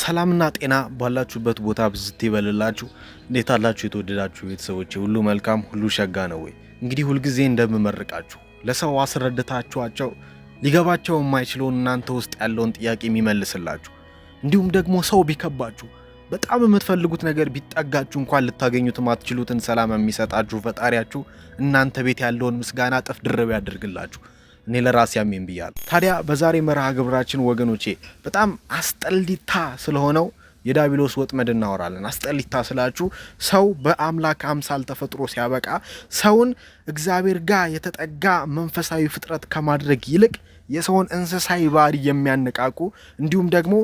ሰላምና ጤና ባላችሁበት ቦታ ብዝት ይበልላችሁ። እንዴት አላችሁ? የተወደዳችሁ ቤተሰቦች ሁሉ መልካም ሁሉ ሸጋ ነው ወይ? እንግዲህ ሁልጊዜ እንደምመርቃችሁ ለሰው አስረድታችኋቸው ሊገባቸው የማይችለውን እናንተ ውስጥ ያለውን ጥያቄ የሚመልስላችሁ እንዲሁም ደግሞ ሰው ቢከባችሁ በጣም የምትፈልጉት ነገር ቢጠጋችሁ እንኳን ልታገኙት ማትችሉትን ሰላም የሚሰጣችሁ ፈጣሪያችሁ እናንተ ቤት ያለውን ምስጋና እጥፍ ድርብ ያደርግላችሁ። እኔ ለራሴ አሜን ብያለሁ። ታዲያ በዛሬ መርሃ ግብራችን ወገኖቼ በጣም አስጠሊታ ስለሆነው የዳቢሎስ ወጥመድ እናወራለን። አስጠሊታ ስላችሁ ሰው በአምላክ አምሳል ተፈጥሮ ሲያበቃ ሰውን እግዚአብሔር ጋር የተጠጋ መንፈሳዊ ፍጥረት ከማድረግ ይልቅ የሰውን እንስሳዊ ባህሪ የሚያነቃቁ እንዲሁም ደግሞ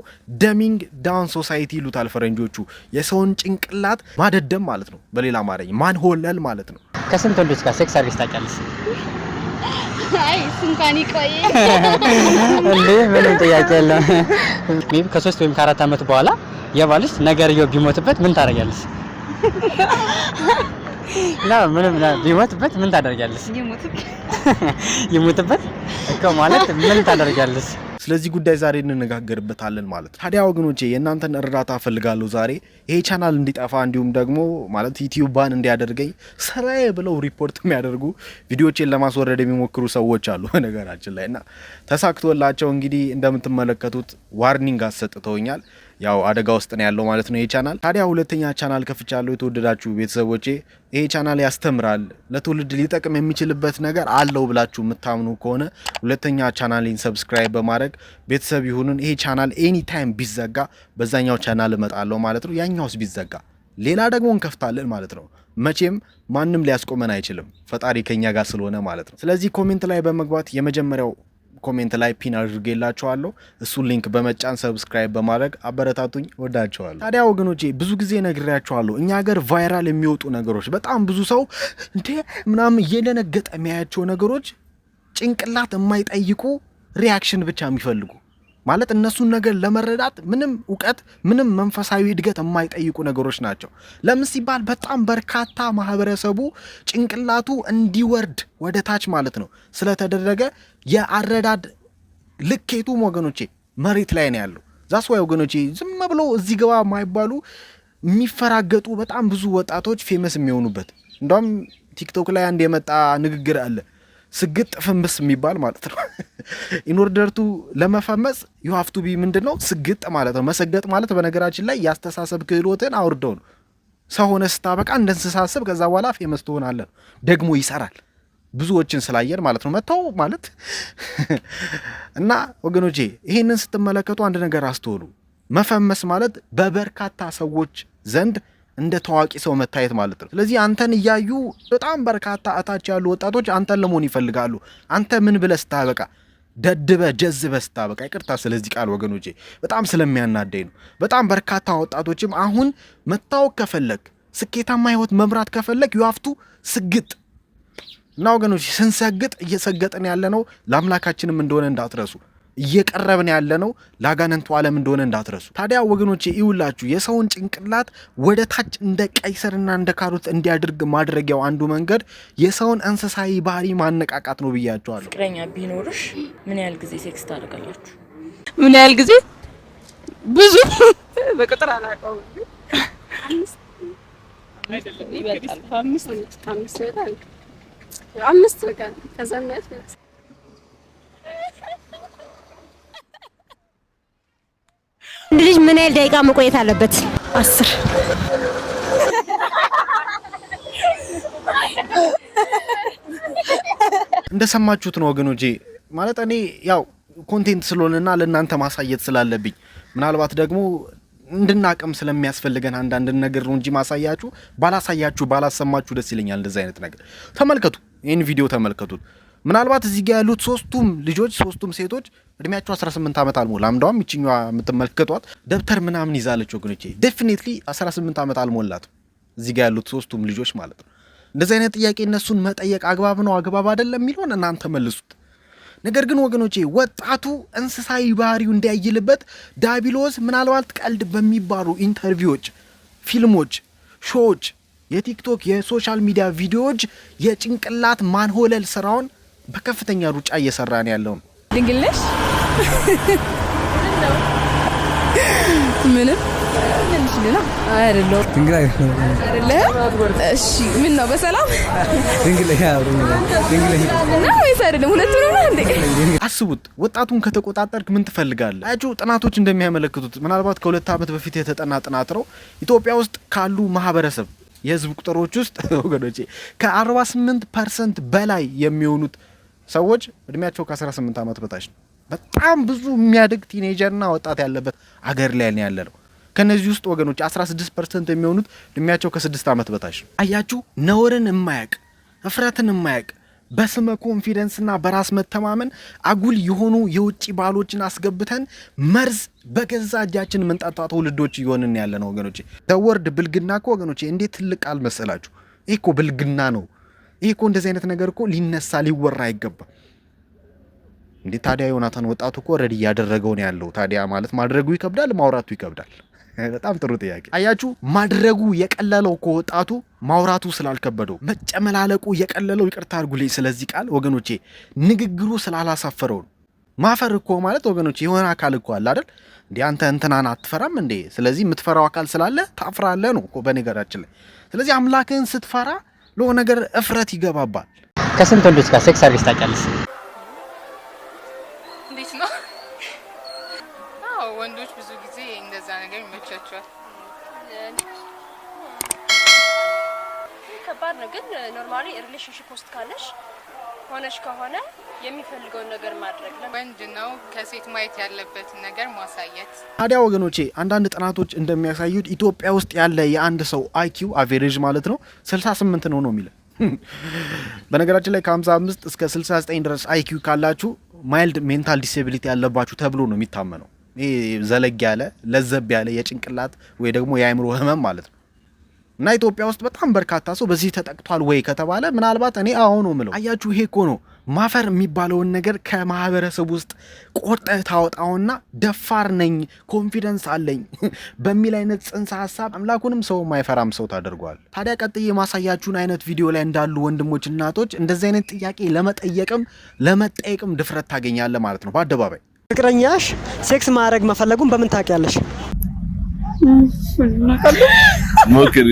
ደሚንግ ዳውን ሶሳይቲ ይሉታል ፈረንጆቹ። የሰውን ጭንቅላት ማደደም ማለት ነው። በሌላ አማርኛ ማንሆለል ማለት ነው። ከስንት ወንዶች ጋር ሴክስ አድርገሽ ታውቂያለሽ? እንዴ ምንም ጥያቄ የለም። ሜቢ ከሶስት ወይም ከአራት አመት በኋላ የባልሽ ነገርየው ቢሞትበት ምን ታደርጊያለሽ? ና ምንም ቢሞትበት ምን ታደርጊያለሽ? ይሞትበት እኮ ማለት ምን ታደርጊያለሽ? ስለዚህ ጉዳይ ዛሬ እንነጋገርበታለን ማለት ነው። ታዲያ ወገኖቼ የእናንተን እርዳታ እፈልጋለሁ። ዛሬ ይሄ ቻናል እንዲጠፋ እንዲሁም ደግሞ ማለት ዩቲዩብ ባን እንዲያደርገኝ ስራዬ ብለው ሪፖርት የሚያደርጉ ቪዲዮዎችን ለማስወረድ የሚሞክሩ ሰዎች አሉ በነገራችን ላይ እና ተሳክቶላቸው እንግዲህ እንደምትመለከቱት ዋርኒንግ አሰጥተውኛል። ያው አደጋ ውስጥ ነው ያለው ማለት ነው ይሄ ቻናል። ታዲያ ሁለተኛ ቻናል ከፍቻለሁ። የተወደዳችሁ ቤተሰቦቼ ይሄ ቻናል ያስተምራል፣ ለትውልድ ሊጠቅም የሚችልበት ነገር አለው ብላችሁ የምታምኑ ከሆነ ሁለተኛ ቻናልን ሰብስክራይብ በማድረግ ቤተሰብ ይሁንን። ይሄ ቻናል ኤኒ ታይም ቢዘጋ በዛኛው ቻናል እመጣለሁ ማለት ነው። ያኛውስ ቢዘጋ ሌላ ደግሞ እንከፍታለን ማለት ነው። መቼም ማንም ሊያስቆመን አይችልም፣ ፈጣሪ ከኛ ጋር ስለሆነ ማለት ነው። ስለዚህ ኮሜንት ላይ በመግባት የመጀመሪያው ኮሜንት ላይ ፒን አድርጌላችኋለሁ። እሱን ሊንክ በመጫን ሰብስክራይብ በማድረግ አበረታቱኝ። ወዳችኋለሁ። ታዲያ ወገኖቼ ብዙ ጊዜ ነግሬያችኋለሁ። እኛ ሀገር ቫይራል የሚወጡ ነገሮች በጣም ብዙ ሰው እንደ ምናምን እየደነገጠ የሚያያቸው ነገሮች ጭንቅላት የማይጠይቁ ሪያክሽን ብቻ የሚፈልጉ ማለት እነሱን ነገር ለመረዳት ምንም እውቀት ምንም መንፈሳዊ እድገት የማይጠይቁ ነገሮች ናቸው። ለምን ሲባል በጣም በርካታ ማህበረሰቡ ጭንቅላቱ እንዲወርድ ወደ ታች ማለት ነው ስለተደረገ የአረዳድ ልኬቱም ወገኖቼ መሬት ላይ ነው ያለው። ዛስ ዋይ ወገኖቼ ዝም ብሎ እዚህ ገባ የማይባሉ የሚፈራገጡ በጣም ብዙ ወጣቶች ፌመስ የሚሆኑበት እንደውም ቲክቶክ ላይ አንድ የመጣ ንግግር አለ ስግጥ ፍምስ የሚባል ማለት ነው። ኢንኦርደርቱ ለመፈመስ ዩ ሀፍ ቱ ቢ ምንድን ነው ስግጥ ማለት ነው። መሰገጥ ማለት በነገራችን ላይ የአስተሳሰብ ክህሎትን አውርደው ነው። ሰው ሆነ ስታበቃ እንደ ከዛ በኋላ ፌመስ ትሆናለ። ደግሞ ይሰራል ብዙዎችን ስላየን ማለት ነው። መተው ማለት እና ወገኖቼ ይሄንን ስትመለከቱ አንድ ነገር አስተውሉ። መፈመስ ማለት በበርካታ ሰዎች ዘንድ እንደ ታዋቂ ሰው መታየት ማለት ነው። ስለዚህ አንተን እያዩ በጣም በርካታ እታች ያሉ ወጣቶች አንተን ለመሆን ይፈልጋሉ። አንተ ምን ብለህ ስታበቃ ደድበ ጀዝበ ስታበቃ፣ ይቅርታ ስለዚህ ቃል ወገኖቼ በጣም ስለሚያናደኝ ነው። በጣም በርካታ ወጣቶችም አሁን መታወቅ ከፈለግ ስኬታማ ህይወት መምራት ከፈለግ ዩሀፍቱ ስግጥ እና ወገኖች ስንሰግጥ እየሰገጥን ያለ ነው ለአምላካችንም እንደሆነ እንዳትረሱ። እየቀረብን ያለ ነው ለአጋንንቱ ዓለም እንደሆነ እንዳትረሱ። ታዲያ ወገኖች ይውላችሁ የሰውን ጭንቅላት ወደ ታች እንደ ቀይሰርና እንደ ካሮት እንዲያደርግ ማድረጊያው አንዱ መንገድ የሰውን እንስሳዊ ባህሪ ማነቃቃት ነው ብያቸዋለሁ። ፍቅረኛ ቢኖርሽ ምን ያህል ጊዜ ሴክስ ታደርጋላችሁ? ምን ያህል ጊዜ? ብዙ በቁጥር አላውቀውም። አምስት ልጅ ምን ያህል ደቂቃ መቆየት አለበት? አስር እንደሰማችሁት ነው ወገኖቼ። ማለት እኔ ያው ኮንቴንት ስለሆነና ለእናንተ ማሳየት ስላለብኝ ምናልባት ደግሞ እንድናቅም ስለሚያስፈልገን አንዳንድ ነገር ነው እንጂ ማሳያችሁ ባላሳያችሁ ባላሰማችሁ ደስ ይለኛል። እንደዚህ አይነት ነገር ተመልከቱ፣ ይህን ቪዲዮ ተመልከቱት። ምናልባት እዚህ ጋ ያሉት ሶስቱም ልጆች ሶስቱም ሴቶች እድሜያቸው 18 ዓመት አልሞላ። እንደውም ይችኛዋ የምትመለከቷት ደብተር ምናምን ይዛለች ወገኖቼ፣ ዴፊኒትሊ 18 ዓመት አልሞላትም። እዚህ ጋ ያሉት ሶስቱም ልጆች ማለት ነው። እንደዚህ አይነት ጥያቄ እነሱን መጠየቅ አግባብ ነው አግባብ አይደለም የሚለውን እናንተ መልሱት። ነገር ግን ወገኖቼ ወጣቱ እንስሳዊ ባህሪው እንዳይልበት ዳቢሎስ ምናልባት ቀልድ በሚባሉ ኢንተርቪዎች፣ ፊልሞች፣ ሾዎች፣ የቲክቶክ የሶሻል ሚዲያ ቪዲዮዎች የጭንቅላት ማንሆለል ስራውን በከፍተኛ ሩጫ እየሰራን ያለው ነው። ድንግል ነሽ? ምንም አስቡት። ወጣቱን ከተቆጣጠርክ ምን ትፈልጋለህ? አጩ ጥናቶች እንደሚያመለክቱት ምናልባት ከሁለት ዓመት በፊት የተጠና ጥናት ነው ኢትዮጵያ ውስጥ ካሉ ማህበረሰብ የህዝብ ቁጥሮች ውስጥ ወገኖቼ ከ48 ፐርሰንት በላይ የሚሆኑት ሰዎች እድሜያቸው ከ18 ዓመት በታች ነው። በጣም ብዙ የሚያድግ ቲኔጀርና ወጣት ያለበት አገር ላይ ያለ ነው። ከነዚህ ውስጥ ወገኖች 16 ፐርሰንት የሚሆኑት እድሜያቸው ከስድስት ዓመት በታች ነው። አያችሁ፣ ነውርን የማያቅ እፍረትን የማያቅ በስመ ኮንፊደንስና በራስ መተማመን አጉል የሆኑ የውጭ ባህሎችን አስገብተን መርዝ በገዛ እጃችን የምንጠጣ ትውልዶች እየሆንን ያለ ነው ወገኖቼ። ተወርድ ብልግና እኮ ወገኖቼ እንዴት ትልቅ ቃል ይህ እኮ ብልግና ነው። ይህ እኮ እንደዚህ አይነት ነገር እኮ ሊነሳ ሊወራ አይገባም። እንዴ ታዲያ ዮናታን ወጣቱ እኮ ረድ እያደረገው ነው ያለው። ታዲያ ማለት ማድረጉ ይከብዳል፣ ማውራቱ ይከብዳል። በጣም ጥሩ ጥያቄ። አያችሁ ማድረጉ የቀለለው እኮ ወጣቱ ማውራቱ ስላልከበደው፣ መጨመላለቁ የቀለለው ይቅርታ አድርጉልኝ ስለዚህ ቃል ወገኖቼ፣ ንግግሩ ስላላሳፈረው ነው። ማፈር እኮ ማለት ወገኖቼ የሆነ አካል እኮ አለ አይደል እንዴ አንተ እንትናን አትፈራም እንዴ? ስለዚህ የምትፈራው አካል ስላለ ታፍራለህ ነው እኮ በነገራችን ላይ። ስለዚህ አምላክህን ስትፈራ ለሆነ ነገር እፍረት ይገባባል። ከስንት ወንዶች ጋር ሴክስ ሰርቪስ ታውቂያለሽ? እንዴት ነው? አዎ ወንዶች ብዙ ጊዜ እንደዛ ነገር ይመቻቸዋል። ከባድ ነው ግን ኖርማሊ ሪሌሽንሽፕ ውስጥ ካለሽ ሆነሽ ከሆነ የሚፈልገውን ነገር ማድረግ ነው። ወንድ ነው ከሴት ማየት ያለበትን ነገር ማሳየት። ታዲያ ወገኖቼ አንዳንድ ጥናቶች እንደሚያሳዩት ኢትዮጵያ ውስጥ ያለ የአንድ ሰው አይኪው አቬሬጅ ማለት ነው 68 ነው ነው የሚለው። በነገራችን ላይ ከ55 እስከ 69 ድረስ አይኪው ካላችሁ ማይልድ ሜንታል ዲስቢሊቲ ያለባችሁ ተብሎ ነው የሚታመነው። ይህ ዘለግ ያለ ለዘብ ያለ የጭንቅላት ወይ ደግሞ የአእምሮ ህመም ማለት ነው። እና ኢትዮጵያ ውስጥ በጣም በርካታ ሰው በዚህ ተጠቅቷል ወይ ከተባለ ምናልባት እኔ አዎ ነው ምለው። አያችሁ ይሄ እኮ ነው ማፈር የሚባለውን ነገር ከማህበረሰብ ውስጥ ቆርጠህ ታወጣውና ደፋር ነኝ፣ ኮንፊደንስ አለኝ በሚል አይነት ጽንሰ ሀሳብ አምላኩንም ሰው ማይፈራም ሰው ታደርጓል። ታዲያ ቀጥዬ የማሳያችሁን አይነት ቪዲዮ ላይ እንዳሉ ወንድሞች፣ እናቶች እንደዚህ አይነት ጥያቄ ለመጠየቅም ለመጠየቅም ድፍረት ታገኛለህ ማለት ነው በአደባባይ። ፍቅረኛሽ ሴክስ ማድረግ መፈለጉን በምን ታውቂያለሽ? ሞክሪ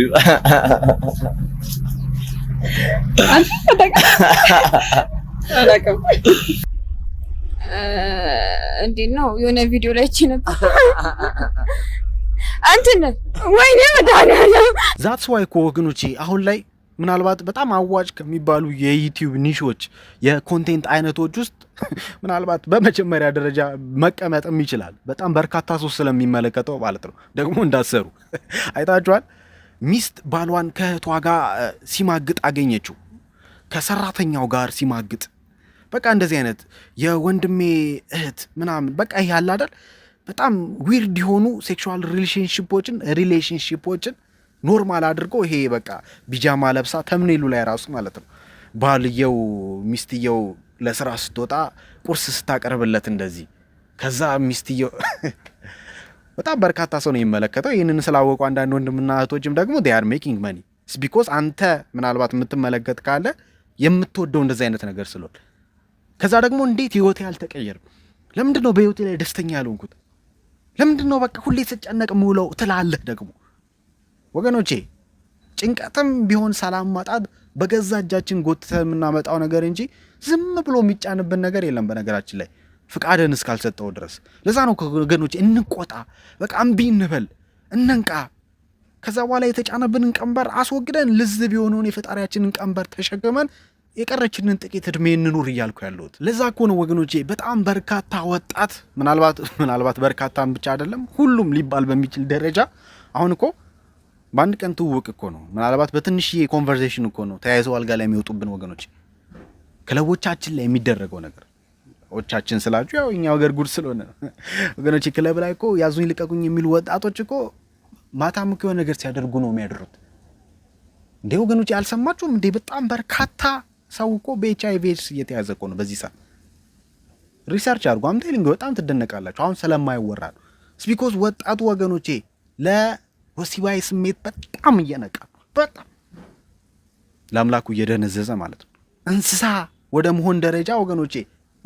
አላውቅም። እንዴት ነው የሆነ ቪዲዮ ላይ ይቺ ነበር እንትን ወይኔ መድኃኒዓለም ዛትስ ዋይ እኮ ወገኖቼ አሁን ላይ ምናልባት በጣም አዋጭ ከሚባሉ የዩቲዩብ ኒሾች የኮንቴንት አይነቶች ውስጥ ምናልባት በመጀመሪያ ደረጃ መቀመጥም ይችላል። በጣም በርካታ ሰው ስለሚመለከተው ማለት ነው። ደግሞ እንዳሰሩ አይታችኋል። ሚስት ባሏን ከእህቷ ጋር ሲማግጥ አገኘችው፣ ከሰራተኛው ጋር ሲማግጥ በቃ እንደዚህ አይነት የወንድሜ እህት ምናምን በቃ ይሄ አለ አይደል በጣም ዊርድ የሆኑ ሴክሹዋል ሪሌሽንሽፖችን ሪሌሽንሽፖችን ኖርማል አድርጎ ይሄ በቃ ቢጃማ ለብሳ ተምኔሉ ላይ ራሱ ማለት ነው ባልየው ሚስትየው ለስራ ስትወጣ ቁርስ ስታቀርብለት እንደዚህ ከዛ ሚስትየው በጣም በርካታ ሰው ነው የሚመለከተው። ይህንን ስላወቁ አንዳንድ ወንድምና እህቶችም ደግሞ ር ሜኪንግ መኒ ቢኮዝ አንተ ምናልባት የምትመለከት ካለ የምትወደው እንደዚህ አይነት ነገር ስለሆነ ከዛ ደግሞ እንዴት ህይወቴ አልተቀየርም? ለምንድን ነው በህይወቴ ላይ ደስተኛ ያልሆንኩት? ለምንድን ነው በቃ ሁሌ ስጨነቅ ምውለው ትላለህ። ደግሞ ወገኖቼ ጭንቀትም ቢሆን ሰላም ማጣት በገዛ እጃችን ጎትተን የምናመጣው ነገር እንጂ ዝም ብሎ የሚጫንብን ነገር የለም። በነገራችን ላይ ፍቃድን እስካልሰጠው ድረስ ለዛ ነው ወገኖቼ፣ እንቆጣ፣ በቃ እምቢ እንበል፣ እነንቃ። ከዛ በኋላ የተጫነብንን ቀንበር አስወግደን ልዝብ የሆነውን የፈጣሪያችንን ቀንበር ተሸክመን የቀረችንን ጥቂት እድሜ እንኑር እያልኩ ያለሁት ለዛ እኮ ወገኖቼ። በጣም በርካታ ወጣት ምናልባት ምናልባት በርካታም ብቻ አይደለም ሁሉም ሊባል በሚችል ደረጃ አሁን እኮ በአንድ ቀን ትውውቅ እኮ ነው ምናልባት በትንሽዬ ኮንቨርሴሽን እኮ ነው ተያይዘው አልጋ ላይ የሚወጡብን ወገኖች። ክለቦቻችን ላይ የሚደረገው ነገር ዎቻችን ስላችሁ ያው እኛ ወገር ጉድ ስለሆነ ወገኖች፣ ክለብ ላይ እኮ ያዙኝ ልቀቁኝ የሚሉ ወጣቶች እኮ ማታም እኮ የሆነ ነገር ሲያደርጉ ነው የሚያድሩት። እንዴ ወገኖች አልሰማችሁም እንዴ? በጣም በርካታ ሰው እኮ በኤች አይቪ ኤድስ እየተያዘ እኮ ነው በዚህ ሰዓት። ሪሰርች አድርጎ አምቴሊንግ በጣም ትደነቃላችሁ። አሁን ስለማይወራ ነው። ስቢኮዝ ወጣቱ ወገኖቼ ለወሲባዊ ስሜት በጣም እየነቃ በጣም ለአምላኩ እየደነዘዘ ማለት ነው። እንስሳ ወደ መሆን ደረጃ ወገኖቼ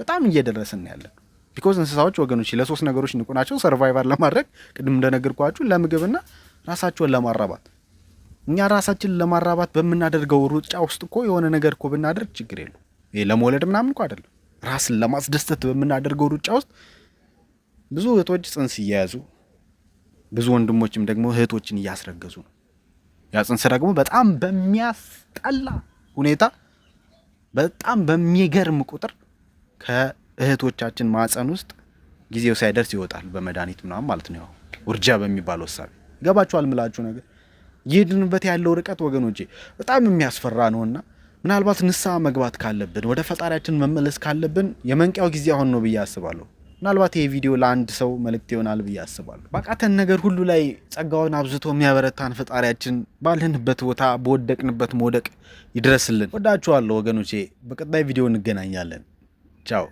በጣም እየደረስን ያለን ቢኮዝ እንስሳዎች ወገኖች ለሶስት ነገሮች ንቁ ናቸው። ሰርቫይቫል ለማድረግ ቅድም እንደነገርኳችሁ ለምግብና ራሳቸውን ለማራባት እኛ ራሳችን ለማራባት በምናደርገው ሩጫ ውስጥ እኮ የሆነ ነገር እኮ ብናደርግ ችግር የለው። ይሄ ለመውለድ ምናምን እኮ አይደለም። ራስን ለማስደሰት በምናደርገው ሩጫ ውስጥ ብዙ እህቶች ጽንስ እየያዙ ብዙ ወንድሞችም ደግሞ እህቶችን እያስረገዙ ነው። ያ ጽንስ ደግሞ በጣም በሚያስጠላ ሁኔታ በጣም በሚገርም ቁጥር ከእህቶቻችን ማፀን ውስጥ ጊዜው ሳይደርስ ይወጣል። በመድኃኒት ምናምን ማለት ነው። ውርጃ በሚባል ወሳቢ ገባችኋል ምላችሁ ነገር ይሄድንበት ያለው ርቀት ወገኖቼ በጣም የሚያስፈራ ነውና ምናልባት ንስሐ መግባት ካለብን ወደ ፈጣሪያችን መመለስ ካለብን የመንቂያው ጊዜ አሁን ነው ብዬ አስባለሁ። ምናልባት ይህ ቪዲዮ ለአንድ ሰው መልእክት ይሆናል ብዬ አስባለሁ። ባቃተን ነገር ሁሉ ላይ ጸጋውን አብዝቶ የሚያበረታን ፈጣሪያችን ባለንበት ቦታ በወደቅንበት መውደቅ ይድረስልን። ወዳችኋለሁ ወገኖቼ። በቀጣይ ቪዲዮ እንገናኛለን። ቻው